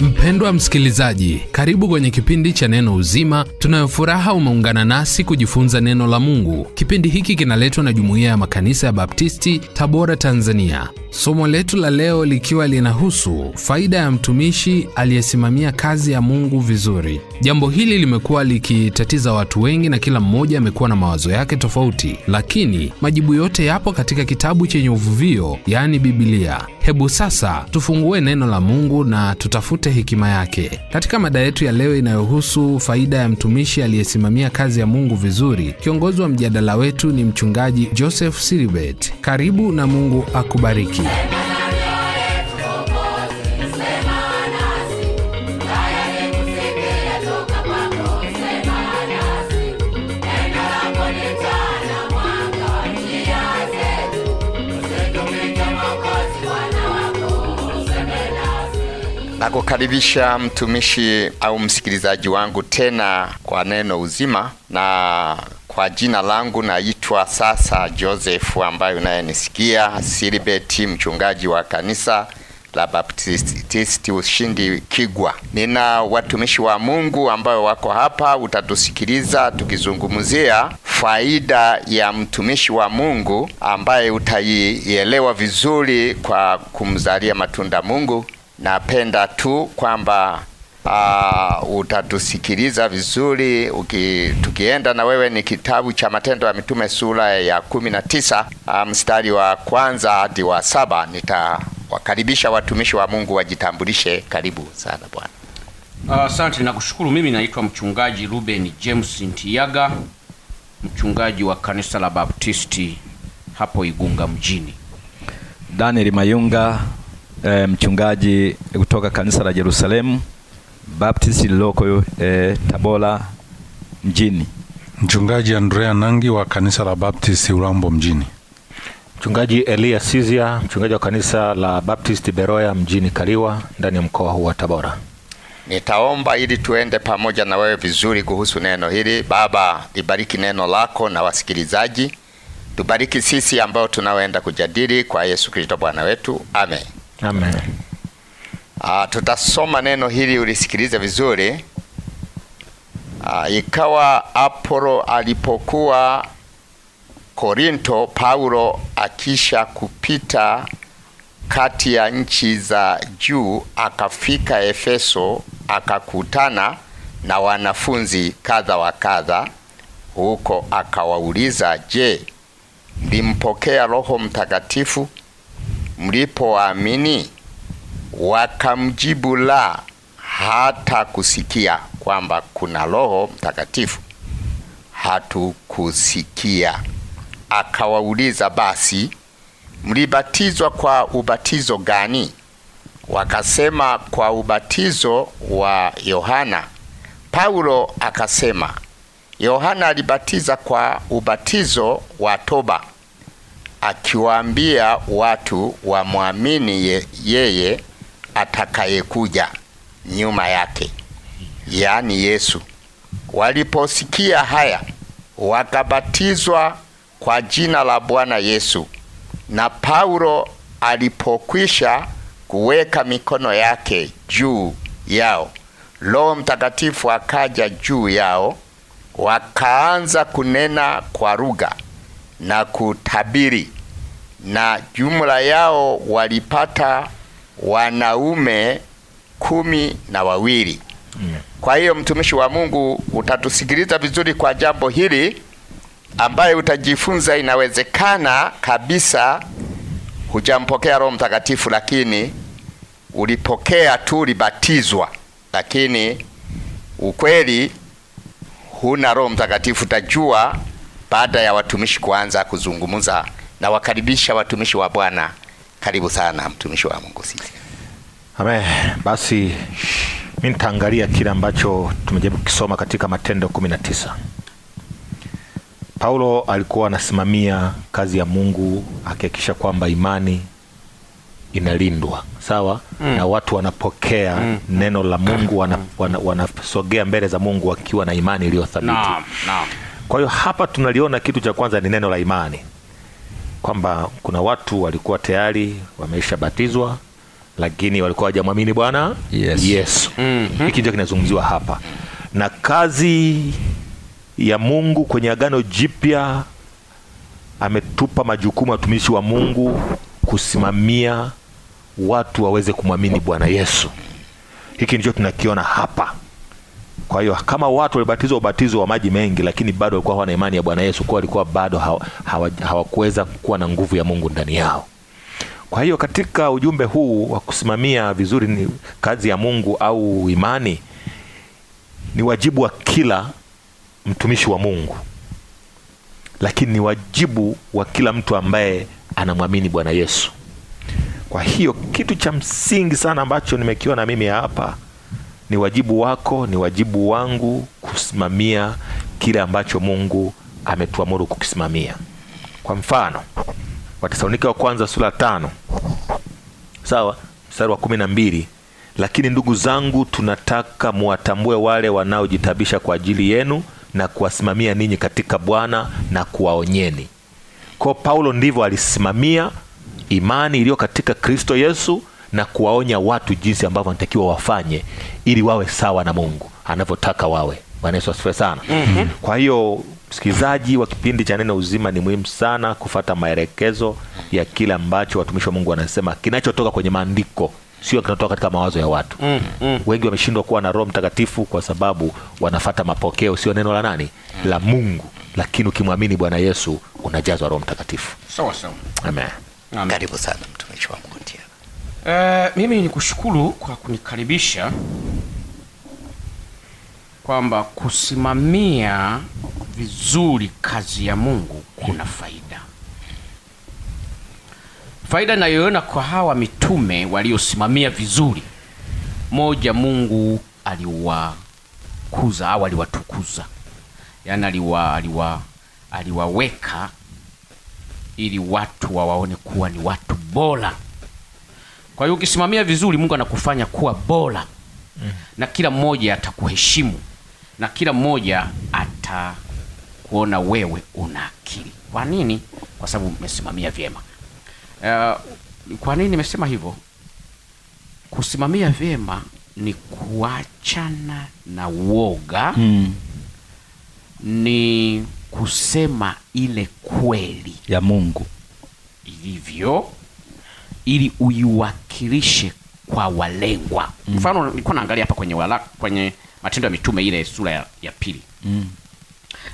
Mpendwa msikilizaji, karibu kwenye kipindi cha Neno Uzima. Tunayofuraha umeungana nasi kujifunza neno la Mungu. Kipindi hiki kinaletwa na Jumuiya ya Makanisa ya Baptisti, Tabora, Tanzania. Somo letu la leo likiwa linahusu faida ya mtumishi aliyesimamia kazi ya Mungu vizuri. Jambo hili limekuwa likitatiza watu wengi na kila mmoja amekuwa na mawazo yake tofauti, lakini majibu yote yapo katika kitabu chenye uvuvio, yani bibilia Hebu sasa tufungue neno la Mungu na tutafute yote hekima yake. Katika mada yetu ya leo inayohusu faida ya mtumishi aliyesimamia kazi ya Mungu vizuri, kiongozi wa mjadala wetu ni mchungaji Joseph Siribet. Karibu na Mungu akubariki. Nakukaribisha mtumishi au msikilizaji wangu tena kwa neno uzima, na kwa jina langu naitwa sasa Joseph, ambaye unayenisikia Silibeti, mchungaji wa kanisa la Baptisti Ushindi Kigwa. Nina watumishi wa Mungu ambao wako hapa, utatusikiliza tukizungumzia faida ya mtumishi wa Mungu ambaye utaielewa vizuri kwa kumzalia matunda Mungu napenda tu kwamba Uh, utatusikiliza vizuri uki, tukienda na wewe ni kitabu cha Matendo ya Mitume sura ya kumi na tisa ah, mstari wa kwanza hadi wa saba. Nitawakaribisha watumishi wa Mungu wajitambulishe. Karibu sana bwana. Asante uh, nakushukuru. Mimi naitwa mchungaji Ruben James Ntiyaga, mchungaji wa kanisa la Baptisti hapo Igunga mjini. Daniel Mayunga e, mchungaji kutoka kanisa la Yerusalemu Baptist liloko e, Tabora mjini. Mchungaji Andrea Nangi wa kanisa la Baptist Urambo mjini. Mchungaji Elia Sizia, mchungaji wa kanisa la Baptist Beroya mjini Kaliwa ndani ya mkoa huu wa Tabora. Nitaomba ili tuende pamoja na wewe vizuri kuhusu neno hili. Baba, ibariki neno lako na wasikilizaji, tubariki sisi ambao tunaoenda kujadili, kwa Yesu Kristo Bwana wetu, amen. Amen. Uh, tutasoma neno hili, ulisikiliza vizuri. Uh, ikawa Apolo alipokuwa Korinto, Paulo akisha kupita kati ya nchi za juu akafika Efeso, akakutana na wanafunzi kadha wa kadha huko. Akawauliza, je, ndimpokea Roho Mtakatifu mlipoamini? Wakamjibu, la, hata kusikia kwamba kuna Roho Mtakatifu hatukusikia. Akawauliza, basi mlibatizwa kwa ubatizo gani? Wakasema, kwa ubatizo wa Yohana. Paulo akasema, Yohana alibatiza kwa ubatizo wa toba, akiwaambia watu wamwamini yeye atakayekuja nyuma yake, yaani Yesu. Waliposikia haya, wakabatizwa kwa jina la Bwana Yesu. Na Paulo alipokwisha kuweka mikono yake juu yao, Roho Mtakatifu akaja juu yao, wakaanza kunena kwa lugha na kutabiri na jumla yao walipata wanaume kumi na wawili. Mm. Kwa hiyo mtumishi wa Mungu, utatusikiliza vizuri kwa jambo hili ambaye utajifunza. Inawezekana kabisa hujampokea Roho Mtakatifu, lakini ulipokea tu, ulibatizwa, lakini ukweli huna Roho Mtakatifu. Utajua baada ya watumishi kuanza kuzungumza. Nawakaribisha watumishi wa Bwana. Karibu sana mtumishi wa Mungu sisi. Amen. Basi mimi nitaangalia kile ambacho tumejaribu kukisoma katika Matendo kumi na tisa. Paulo alikuwa anasimamia kazi ya Mungu akihakikisha kwamba imani inalindwa sawa, mm. na watu wanapokea mm. neno la Mungu wanasogea mm. wana, wana mbele za Mungu wakiwa na imani iliyothabiti. Naam, Kwa hiyo hapa tunaliona kitu cha kwanza ni neno la imani kwamba kuna watu walikuwa tayari wameshabatizwa lakini walikuwa hawajamwamini Bwana yes. Yesu mm -hmm. Hiki ndio kinazungumziwa hapa, na kazi ya Mungu kwenye Agano Jipya, ametupa majukumu ya utumishi wa Mungu kusimamia watu waweze kumwamini Bwana Yesu. Hiki ndicho tunakiona hapa. Kwa hiyo kama watu walibatizwa ubatizo wa maji mengi, lakini bado walikuwa hawana imani ya Bwana Yesu, kwa walikuwa bado hawakuweza hawa kuwa na nguvu ya Mungu ndani yao. Kwa hiyo katika ujumbe huu wa kusimamia vizuri ni kazi ya Mungu au imani, ni wajibu wa kila mtumishi wa Mungu, lakini ni wajibu wa kila mtu ambaye anamwamini Bwana Yesu. Kwa hiyo kitu cha msingi sana ambacho nimekiona mimi hapa ni wajibu wako, ni wajibu wangu kusimamia kile ambacho Mungu ametuamuru kukisimamia. Kwa mfano, Watesalonike wa kwanza sura tano sawa mstari wa kumi na mbili lakini ndugu zangu, tunataka muwatambue wale wanaojitabisha kwa ajili yenu na kuwasimamia ninyi katika Bwana na kuwaonyeni. Kwa Paulo ndivyo alisimamia imani iliyo katika Kristo Yesu na kuwaonya watu jinsi ambavyo wanatakiwa wafanye ili wawe sawa na Mungu anavyotaka wawe. Bwana Yesu asifiwe sana. mm -hmm. Kwa hiyo msikilizaji wa kipindi cha Neno Uzima, ni muhimu sana kufata maelekezo ya kile ambacho watumishi wa Mungu wanasema kinachotoka kwenye maandiko sio kinatoka katika mawazo ya watu. mm, -hmm. Wengi wameshindwa kuwa na Roho Mtakatifu kwa sababu wanafata mapokeo, sio neno la nani? mm. la Mungu. Lakini ukimwamini Bwana Yesu unajazwa Roho Mtakatifu. Sawa sawa. Amen. Amen. Karibu sana. Uh, mimi ni kushukuru kwa kunikaribisha kwamba kusimamia vizuri kazi ya Mungu kuna faida. Faida nayoona kwa hawa mitume waliosimamia vizuri, moja, Mungu aliwakuza au aliwatukuza, yaani aliwa aliwa aliwaweka ili watu wawaone kuwa ni watu bora kwa hiyo ukisimamia vizuri, Mungu anakufanya kuwa bora mm. na kila mmoja atakuheshimu na kila mmoja atakuona wewe una akili. Kwa nini? Kwa sababu umesimamia vyema. Uh, kwa nini nimesema hivyo? Kusimamia vyema ni kuachana na uoga mm. ni kusema ile kweli ya Mungu ilivyo ili uiwakilishe kwa walengwa. Mm. Mfano Mm. nilikuwa naangalia hapa kwenye wala, kwenye Matendo ya Mitume ile sura ya, ya pili. Mm.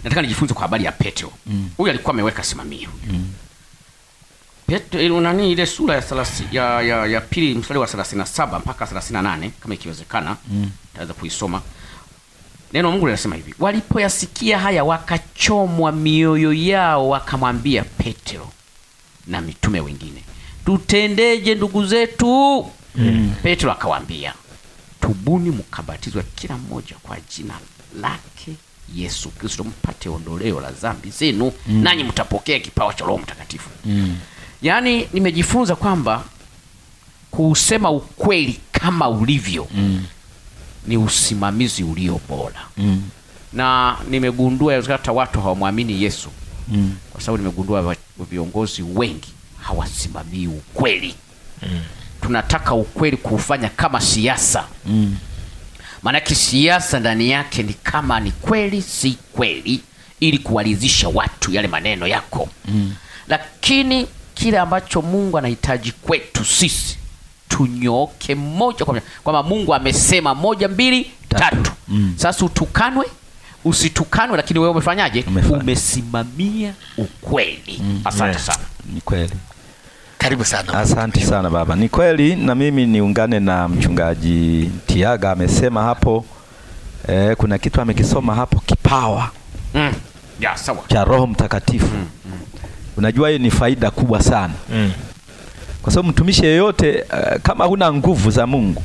Nataka nijifunze kwa habari ya Petro. Mm. Huyu mm. alikuwa ameweka simamio. Mm. Petro ile nani ile sura ya salasi, ya ya, ya pili mstari wa 37 mpaka 38 kama ikiwezekana mm. taweza kuisoma. Neno Mungu linasema hivi, walipoyasikia haya wakachomwa mioyo yao, wakamwambia Petro na mitume wengine tutendeje ndugu zetu? mm. Petro akawaambia, tubuni mkabatizwe kila mmoja kwa jina lake Yesu Kristo mpate ondoleo la dhambi zenu, mm. nanyi mtapokea kipawa cha Roho Mtakatifu. mm. Yaani, nimejifunza kwamba kusema ukweli kama ulivyo mm. ni usimamizi ulio bora mm. na nimegundua hata watu hawamwamini Yesu mm. kwa sababu nimegundua viongozi wengi hawasimamii ukweli mm. Tunataka ukweli kuufanya kama siasa mm. Maanake siasa ndani yake ni kama ni kweli si kweli, ili kuwalizisha watu yale maneno yako mm. Lakini kile ambacho Mungu anahitaji kwetu sisi tunyooke moja kwa moja kwamba Mungu amesema moja mbili tatu, tatu. Mm. Sasa utukanwe usitukanwe, lakini wewe umefanyaje? Umesimamia ukweli mm. Asante yeah. sana, ni kweli. Karibu sana. Asante sana baba. Ni kweli na mimi niungane na mchungaji Tiaga amesema hapo eh, kuna kitu amekisoma hapo kipawa mm. yeah, sawa. cha Roho Mtakatifu mm. Mm. Unajua hiyo ni faida kubwa sana mm. kwa sababu mtumishi yeyote uh, kama huna nguvu za Mungu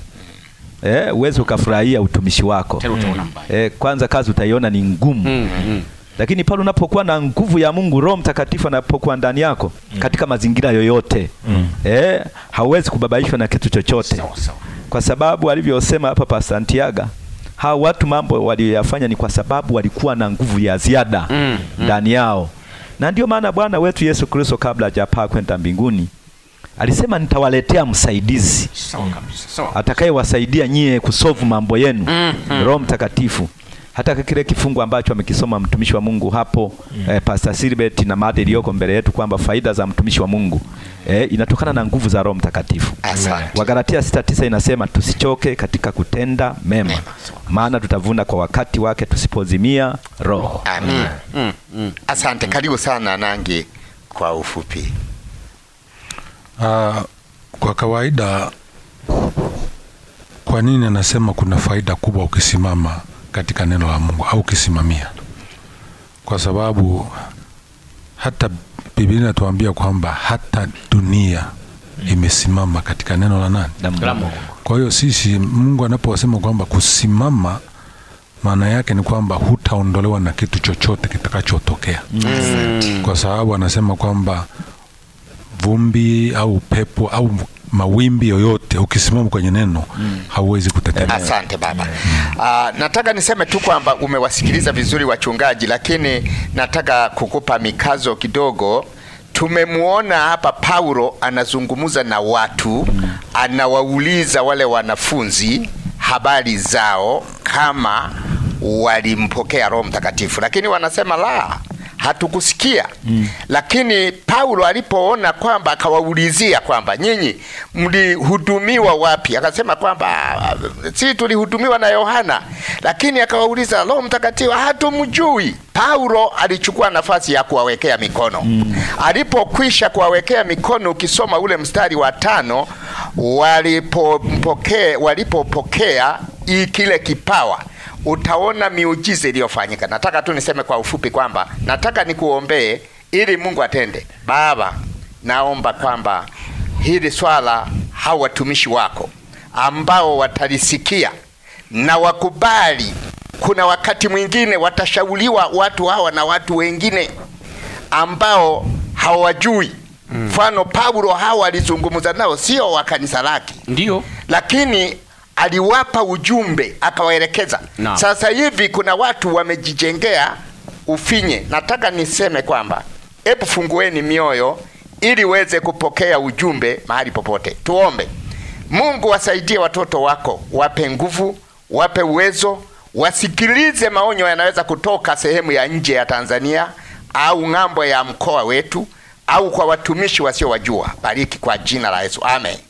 eh, uweze ukafurahia utumishi wako mm. eh, kwanza kazi utaiona ni ngumu mm. Mm. Lakini pale unapokuwa na nguvu ya Mungu, Roho Mtakatifu anapokuwa ndani yako mm. katika mazingira yoyote mm. eh, hauwezi kubabaishwa na kitu chochote so, so. Kwa sababu alivyosema hapa pa Santiago hawa watu mambo walioyafanya ni kwa sababu walikuwa na nguvu ya ziada mm, mm. ndani mm. yao, na ndiyo maana Bwana wetu Yesu Kristo kabla hajapaa kwenda mbinguni alisema nitawaletea msaidizi atakayewasaidia nyie kusovu mambo yenu, mm, mm. Roho Mtakatifu hata kile kifungu ambacho amekisoma mtumishi wa Mungu hapo mm. eh, Pastor Silbert na mada iliyoko mbele yetu kwamba faida za mtumishi wa Mungu eh, inatokana na nguvu za Roho Mtakatifu. Asante. Wagalatia 6:9 inasema tusichoke katika kutenda mema, maana tutavuna kwa wakati wake tusipozimia roho. Amen. Mm. Mm. mm. Asante. Mm. Karibu sana Nangi kwa ufupi. Uh, kwa kawaida kwa nini anasema kuna faida kubwa ukisimama katika neno la Mungu au kisimamia, kwa sababu hata Biblia inatuambia kwamba hata dunia imesimama katika neno la nani? La Mungu. Kwa hiyo sisi, Mungu anaposema kwamba kusimama, maana yake ni kwamba hutaondolewa na kitu chochote kitakachotokea, mm. kwa sababu anasema kwamba vumbi au pepo au mawimbi yoyote, ukisimama kwenye neno mm. hauwezi kutetemeka. Asante baba mm. Uh, nataka niseme tu kwamba umewasikiliza vizuri wachungaji, lakini nataka kukupa mikazo kidogo. Tumemwona hapa Paulo anazungumza na watu mm. anawauliza wale wanafunzi habari zao kama walimpokea Roho Mtakatifu, lakini wanasema la hatukusikia mm. Lakini Paulo alipoona kwamba, akawaulizia kwamba nyinyi mlihudumiwa wapi? Akasema kwamba si tulihudumiwa na Yohana, lakini akawauliza Roho Mtakatifu hatumjui. Paulo alichukua nafasi ya kuwawekea mikono mm. Alipokwisha kuwawekea mikono, ukisoma ule mstari wa tano, walipopokea walipopokea kile kipawa utaona miujiza iliyofanyika. Nataka tu niseme kwa ufupi kwamba nataka nikuombee ili Mungu atende. Baba, naomba kwamba hili swala hao watumishi wako ambao watalisikia na wakubali. Kuna wakati mwingine watashauriwa watu hawa na watu wengine ambao hawajui mm. mfano mm. Paulo hawa alizungumza nao sio wa kanisa lake, ndio, lakini aliwapa ujumbe akawaelekeza. No. Sasa hivi kuna watu wamejijengea ufinye. Nataka niseme kwamba hebu fungueni mioyo ili weze kupokea ujumbe mahali popote. Tuombe. Mungu, wasaidie watoto wako, wape nguvu, wape uwezo, wasikilize maonyo yanaweza kutoka sehemu ya nje ya Tanzania au ng'ambo ya mkoa wetu au kwa watumishi wasiowajua. Bariki kwa jina la Yesu, amen.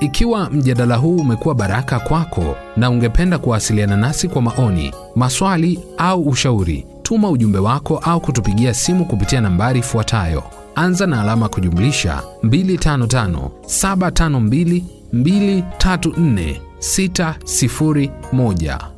Ikiwa mjadala huu umekuwa baraka kwako na ungependa kuwasiliana nasi kwa maoni, maswali au ushauri, tuma ujumbe wako au kutupigia simu kupitia nambari ifuatayo: anza na alama kujumlisha 255 752 234 601.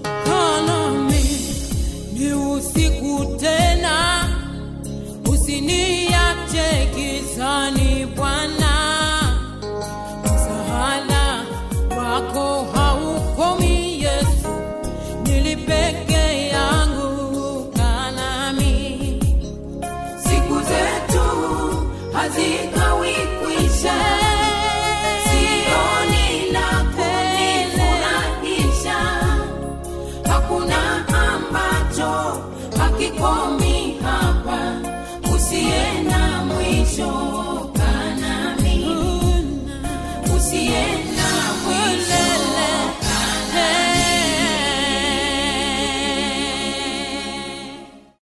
Azita.